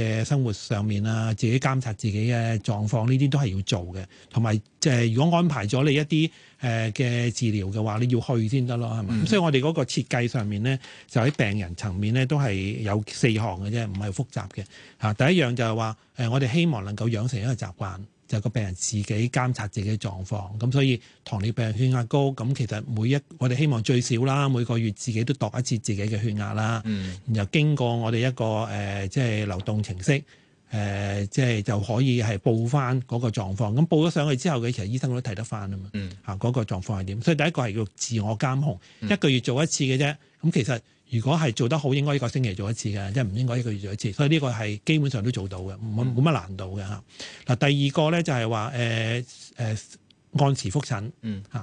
嘅、呃、生活上面啊，自己監察自己嘅狀況，呢啲都係要做嘅。同埋即係如果安排咗你一啲誒嘅治療嘅話，你要去先得咯，係嘛？咁、嗯、所以我哋嗰個設計上面咧，就喺病人層面咧都係有四項嘅啫，唔係複雜嘅嚇、啊。第一樣就係話誒，我、呃、哋、呃、希望能夠養成一個習慣。就個病人自己監察自己嘅狀況，咁所以糖尿病血壓高，咁其實每一我哋希望最少啦，每個月自己都度一次自己嘅血壓啦，嗯，然後經過我哋一個誒、呃，即係流動程式，誒、呃，即係就可以係報翻嗰個狀況，咁報咗上去之後嘅，其實醫生都睇得翻㗎嘛，嗯，吓嗰個狀況係點？所以第一個係叫自我監控，嗯、一個月做一次嘅啫，咁其實。如果係做得好，應該一個星期做一次嘅，即係唔應該一個月做一次。所以呢個係基本上都做到嘅，冇冇乜難度嘅嚇。嗱，第二個咧就係話誒誒按時復診，嗯嚇。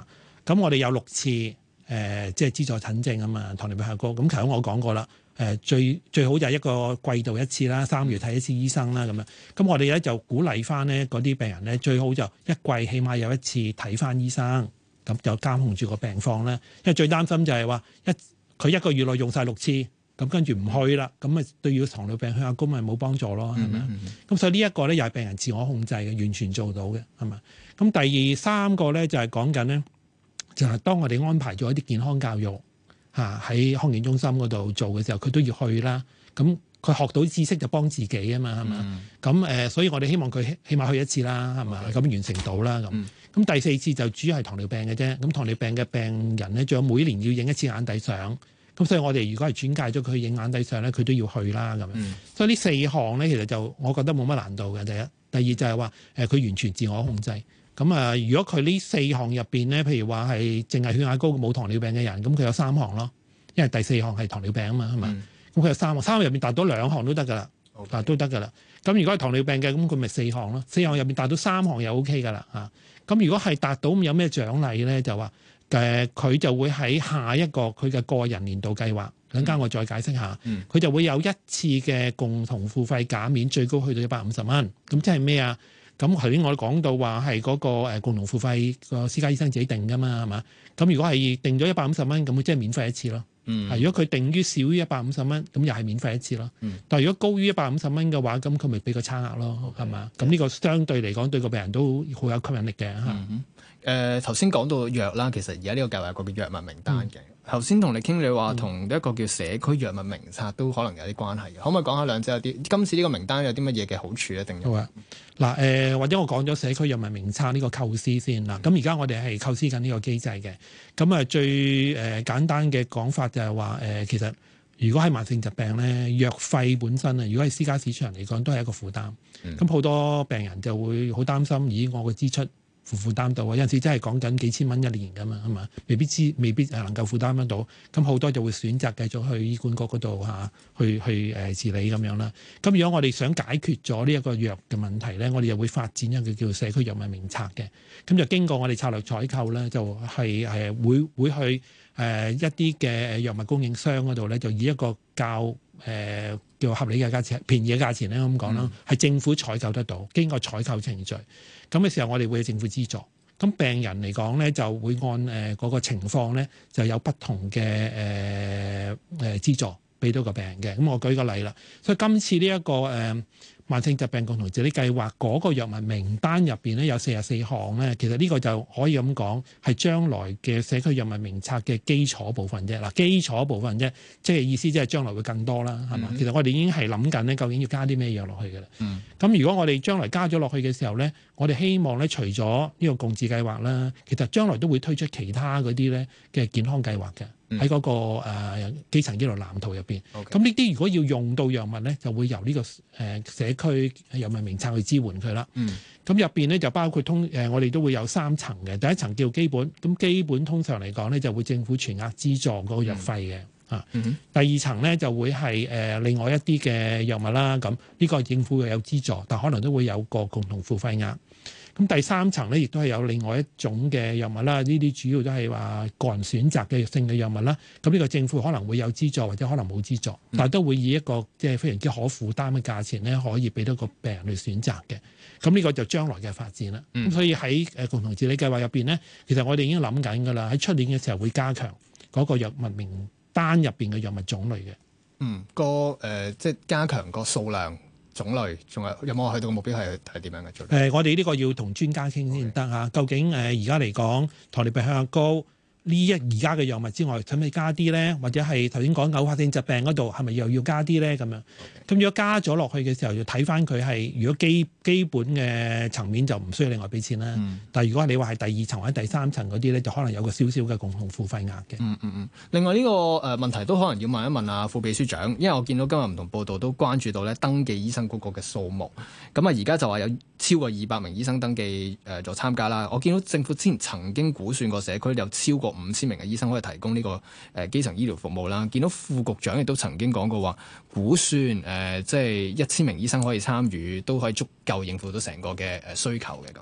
咁、啊、我哋有六次誒、呃，即係資助診症啊嘛，糖尿病下高。咁頭先我講過啦，誒、呃、最最好就係一個季度一次啦，三月睇一次醫生啦咁樣。咁我哋咧就鼓勵翻咧嗰啲病人咧，最好就一季起碼有一次睇翻醫生，咁就監控住個病況啦。因為最擔心就係話一。佢一個月內用晒六次，咁跟住唔去啦，咁咪對住糖尿病血壓高咪冇幫助咯，係咪啊？咁、嗯嗯、所以呢一個咧又係病人自我控制嘅，完全做到嘅，係咪？咁第二三個咧就係講緊咧，就係、是、當我哋安排咗一啲健康教育嚇喺康健中心嗰度做嘅時候，佢都要去啦，咁。佢學到知識就幫自己啊嘛，係嘛？咁誒、mm hmm. 呃，所以我哋希望佢起碼去一次啦，係咪？咁 Okay. 完成到啦咁。咁、mm hmm. 第四次就主要係糖尿病嘅啫。咁糖尿病嘅病人咧，仲有每年要影一次眼底相。咁所以我哋如果係轉介咗佢影眼底相咧，佢都要去啦咁樣。Mm hmm. 所以呢四項咧，其實就我覺得冇乜難度嘅。第一，第二就係話誒，佢、呃、完全自我控制。咁啊、mm hmm.，如果佢呢四項入邊咧，譬如話係淨係血壓高冇糖尿病嘅人，咁佢有三項咯，因為第四項係糖尿病啊嘛，係嘛？Mm hmm. 咁佢有三項，三項入面達到兩項都得噶啦，但 Okay. 都得噶啦。咁如果係糖尿病嘅，咁佢咪四項咯。四項入面達到三項又 O K 噶啦嚇。咁、啊、如果係達到有咩獎勵咧，就話誒佢就會喺下一個佢嘅個人年度計劃，等間我再解釋下。佢、嗯、就會有一次嘅共同付費減免，最高去到一百五十蚊。咁即係咩啊？咁頭先我講到話係嗰個、呃、共同付費個私家醫生自己定噶嘛，係嘛？咁如果係定咗一百五十蚊，咁佢即係免費一次咯。嗯，啊，如果佢定於少於一百五十蚊，咁又係免費一次咯。嗯、但係如果高於一百五十蚊嘅話，咁佢咪俾個差額咯，係嘛 okay,？咁呢個相對嚟講對個病人都好有吸引力嘅嚇。誒、嗯，頭先講到藥啦，其實而家呢個計劃有個藥物名單嘅。嗯頭先同你傾，你話同一個叫社區藥物名冊都可能有啲關係嘅，嗯、可唔可以講下兩者有啲今次呢個名單有啲乜嘢嘅好處啊？定用？好啊。嗱、呃，誒或者我講咗社區藥物名冊呢個構思先啦。咁而家我哋係構思緊呢個機制嘅。咁、呃、啊最誒、呃、簡單嘅講法就係話誒，其實如果係慢性疾病咧，藥費本身啊，如果係私家市場嚟講都係一個負擔。咁好、嗯、多病人就會好擔心，咦，我嘅支出。負擔到啊！有陣時真係講緊幾千蚊一年㗎嘛，係嘛？未必知，未必誒能夠負擔得到。咁好多就會選擇繼續去醫管局嗰度嚇，去去誒治理咁樣啦。咁如果我哋想解決咗呢一個藥嘅問題咧，我哋就會發展一個叫社區藥物名冊嘅。咁就經過我哋策略採購咧，就係誒會會去誒、呃、一啲嘅藥物供應商嗰度咧，就以一個較誒、呃、叫合理嘅價錢，便宜嘅價錢咧，我咁講啦，係、嗯、政府採購得到，經過採購程序，咁嘅時候我哋會有政府資助。咁病人嚟講咧，就會按誒嗰個情況咧，就有不同嘅誒誒資助，俾到個病人嘅。咁我舉個例啦，所以今次呢、這、一個誒。呃慢性疾病共同治理計劃嗰個藥物名單入邊咧，有四十四項咧，其實呢個就可以咁講係將來嘅社區藥物名冊嘅基礎部分啫。嗱，基礎部分啫，即係意思即係將來會更多啦，係嘛？嗯、其實我哋已經係諗緊咧，究竟要加啲咩藥落去嘅啦。咁、嗯、如果我哋將來加咗落去嘅時候咧，我哋希望咧除咗呢個共治計劃啦，其實將來都會推出其他嗰啲咧嘅健康計劃嘅。喺嗰、那個誒、呃、基層醫療藍圖入邊，咁呢啲如果要用到藥物咧，就會由呢個誒社區藥物名冊去支援佢啦。咁入邊咧就包括通誒、呃，我哋都會有三層嘅。第一層叫基本，咁基本通常嚟講咧就會政府全額資助嗰個藥費嘅。嚇、mm hmm. 啊，第二層咧就會係誒、呃、另外一啲嘅藥物啦。咁呢、這個政府有資助，但可能都會有個共同付費額。咁第三層咧，亦都係有另外一種嘅藥物啦。呢啲主要都係話個人選擇嘅藥性嘅藥物啦。咁呢個政府可能會有資助，或者可能冇資助，嗯、但係都會以一個即係非常之可負擔嘅價錢咧，可以俾到個病人去選擇嘅。咁呢個就將來嘅發展啦。咁、嗯、所以喺誒共同治理計劃入邊咧，其實我哋已經諗緊㗎啦。喺出年嘅時候會加強嗰個藥物名單入邊嘅藥物種類嘅。嗯，個誒、呃、即係加強個數量。種類，仲有有冇去到目標係係點樣嘅種，呃、我哋呢個要同專家傾先得啊。究竟誒而家嚟講，糖尿病比較高。呢一而家嘅藥物之外，使唔使加啲咧？或者係頭先講偶發性疾病嗰度，係咪又要加啲咧？咁樣咁如果加咗落去嘅時候，要睇返佢係如果基基本嘅層面就唔需要另外俾錢啦。嗯、但係如果你話係第二層或者第三層嗰啲咧，就可能有個少少嘅共同付費額嘅。嗯嗯嗯。另外呢個誒問題都可能要問一問啊副秘書長，因為我見到今日唔同報道都關注到咧登記醫生嗰個嘅數目。咁啊而家就話有超過二百名醫生登記誒就、呃、參加啦。我見到政府之前曾經估算過社區有超過五千名嘅醫生可以提供呢、這個誒、呃、基層醫療服務啦，見到副局長亦都曾經講過話，估算，誒、呃、即係一千名醫生可以參與，都可以足夠應付到成個嘅誒需求嘅咁。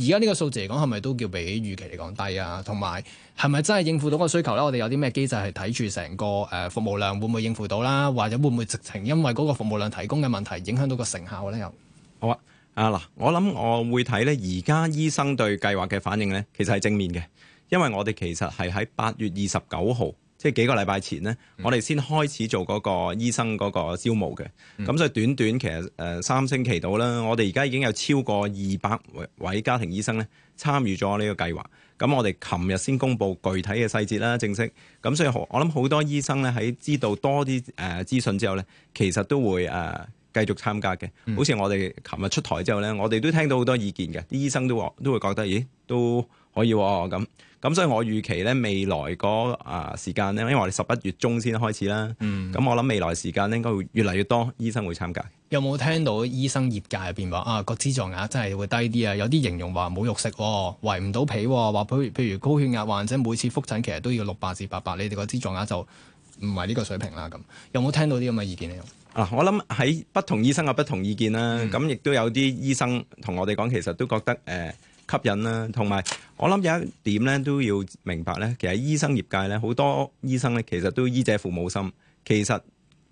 而家呢個數字嚟講，係咪都叫比預期嚟講低啊？同埋係咪真係應付到個需求咧？我哋有啲咩機制係睇住成個誒、呃、服務量會唔會應付到啦？或者會唔會直情因為嗰個服務量提供嘅問題，影響到個成效咧？又好啊！啊嗱，我諗我會睇咧，而家醫生對計劃嘅反應咧，其實係正面嘅。因為我哋其實係喺八月二十九號，即係幾個禮拜前呢，嗯、我哋先開始做嗰個醫生嗰個招募嘅。咁、嗯、所以短短其實誒、呃、三星期到啦，我哋而家已經有超過二百位家庭醫生咧參與咗呢個計劃。咁我哋琴日先公布具體嘅細節啦，正式。咁所以好我諗好多醫生咧喺知道多啲誒資訊之後咧，其實都會誒繼、呃、續參加嘅。嗯、好似我哋琴日出台之後咧，我哋都聽到好多意見嘅，啲醫生都都會覺得，咦都。可以喎、哦，咁咁所以我預期咧未來嗰啊、呃、時間咧，因為我哋十一月中先開始啦。咁、嗯、我諗未來時間應該會越嚟越多醫生會參加。有冇聽到醫生業界入邊話啊個資助額真係會低啲啊？有啲形容話冇肉食、哦，圍唔到皮、哦，話譬如譬如高血壓患者每次覆診其實都要六百至八百，800，你哋個資助額就唔係呢個水平啦。咁有冇聽到啲咁嘅意見呢？啊，我諗喺不同醫生嘅不同意見啦、啊。咁亦都有啲醫生同我哋講，其實都覺得誒。呃吸引啦，同埋我諗有一點咧都要明白咧，其實醫生業界咧好多醫生咧，其實都醫者父母心。其實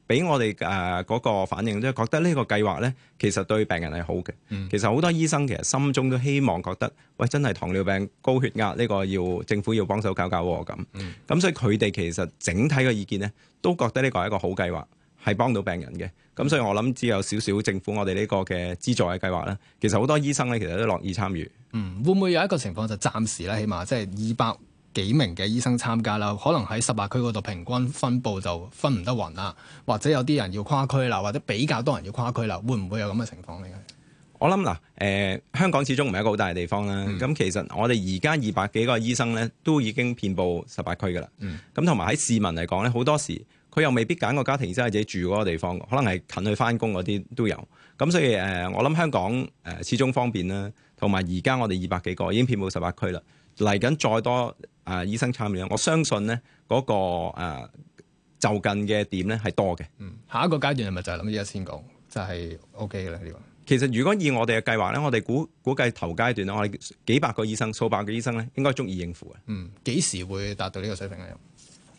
俾我哋誒嗰個反應都係覺得個呢個計劃咧，其實對病人係好嘅。嗯、其實好多醫生其實心中都希望覺得，喂真係糖尿病、高血壓呢、呢個要政府要幫手搞搞咁。咁、嗯、所以佢哋其實整體嘅意見咧，都覺得呢個係一個好計劃，係幫到病人嘅。咁所以我諗只有少少政府我哋呢個嘅資助嘅計劃啦，其實好多醫生咧，其實都樂意參與。嗯，會唔會有一個情況就暫時咧，起碼即係二百幾名嘅醫生參加啦，可能喺十八區嗰度平均分布就分唔得匀啦，嗯、或者有啲人要跨區啦，或者比較多人要跨區啦，會唔會有咁嘅情況嚟嘅？我諗嗱，誒、呃，香港始終唔係一個好大嘅地方啦，咁、嗯、其實我哋而家二百幾個醫生咧，都已經遍布十八區噶啦，咁同埋喺市民嚟講咧，好多時。佢又未必揀個家庭醫生喺自己住嗰個地方，可能係近去返工嗰啲都有。咁所以誒、呃，我諗香港誒、呃、始終方便啦，同埋而家我哋二百幾個已經遍佈十八區啦，嚟緊再多啊、呃、醫生參與，我相信咧、那、嗰個、呃、就近嘅點咧係多嘅。嗯，下一個階段係咪就係諗依家先講，就係 O K 啦呢個。其實如果以我哋嘅計劃咧，我哋估估，估計頭階段咧，我哋幾百個醫生、數百個醫生咧，應該足以應付嘅。嗯，幾時會達到呢個水平咧？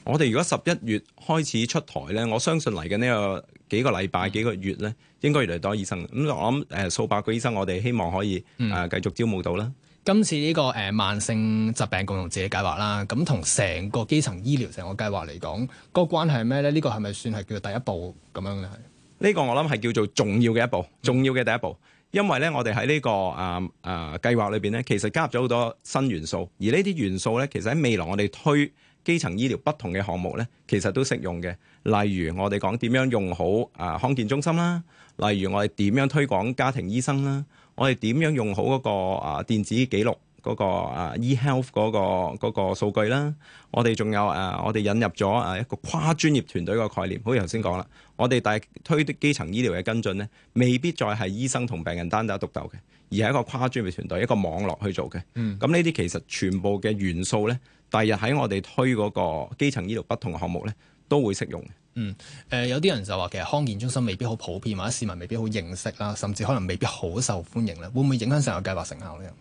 我哋如果十一月開始出台咧，我相信嚟緊呢個幾個禮拜、幾個月咧，應該越嚟越多醫生。咁、嗯、我諗誒數百個醫生，我哋希望可以誒、啊、繼續招募到啦。今次呢、這個誒慢性疾病共同治理計劃啦，咁同成個基層醫療成個計劃嚟講，那個關係係咩咧？呢、這個係咪算係叫第一步咁樣咧？係呢個我諗係叫做重要嘅一步，重要嘅第一步，因為咧我哋喺呢個誒誒、呃呃、計劃裏邊咧，其實加入咗好多新元素，而呢啲元素咧，其實喺未來我哋推基層醫療不同嘅項目咧，其實都適用嘅。例如我哋講點樣用好啊、呃、康健中心啦，例如我哋點樣推廣家庭醫生啦，我哋點樣用好嗰、那個啊、呃、電子記錄嗰、那個啊、呃、eHealth 嗰、那個嗰、那個數據啦。我哋仲有誒、呃，我哋引入咗啊一個跨專業團隊個概念。好似頭先講啦，我哋大推啲基層醫療嘅跟進咧，未必再係醫生同病人單打獨鬥嘅，而係一個跨專業團隊一個網絡去做嘅。嗯，咁呢啲其實全部嘅元素咧。第日喺我哋推嗰個基層醫療不同項目咧，都會適用嘅。嗯，誒、呃、有啲人就話其實康健中心未必好普遍，或者市民未必好認識啦，甚至可能未必好受歡迎咧，會唔會影響成個計劃成效咧？嗱、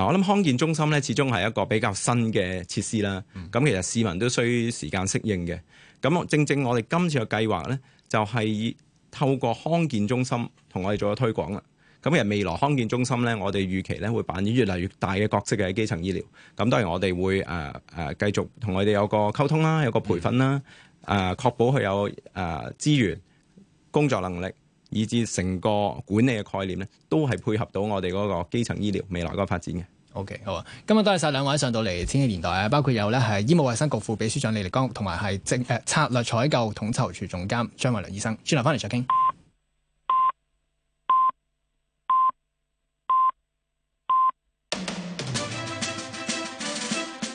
嗯，我諗康健中心咧，始終係一個比較新嘅設施啦。咁、嗯、其實市民都需要時間適應嘅。咁正正我哋今次嘅計劃咧，就係、是、透過康健中心同我哋做咗推廣啦。咁誒未來康健中心咧，我哋預期咧會扮演越嚟越大嘅角色嘅喺基層醫療。咁當然我哋會誒誒、呃、繼續同佢哋有個溝通啦，有個培訓啦，誒、呃、確保佢有誒、呃、資源、工作能力，以至成個管理嘅概念咧，都係配合到我哋嗰個基層醫療未來嗰個發展嘅。OK，好，啊，今日多謝晒兩位上到嚟《千禧年代》啊，包括有咧係醫務衛生局副,副秘書長李力綱，同埋係政、呃、策略採購統籌處總監張偉麟醫生，轉頭翻嚟再傾。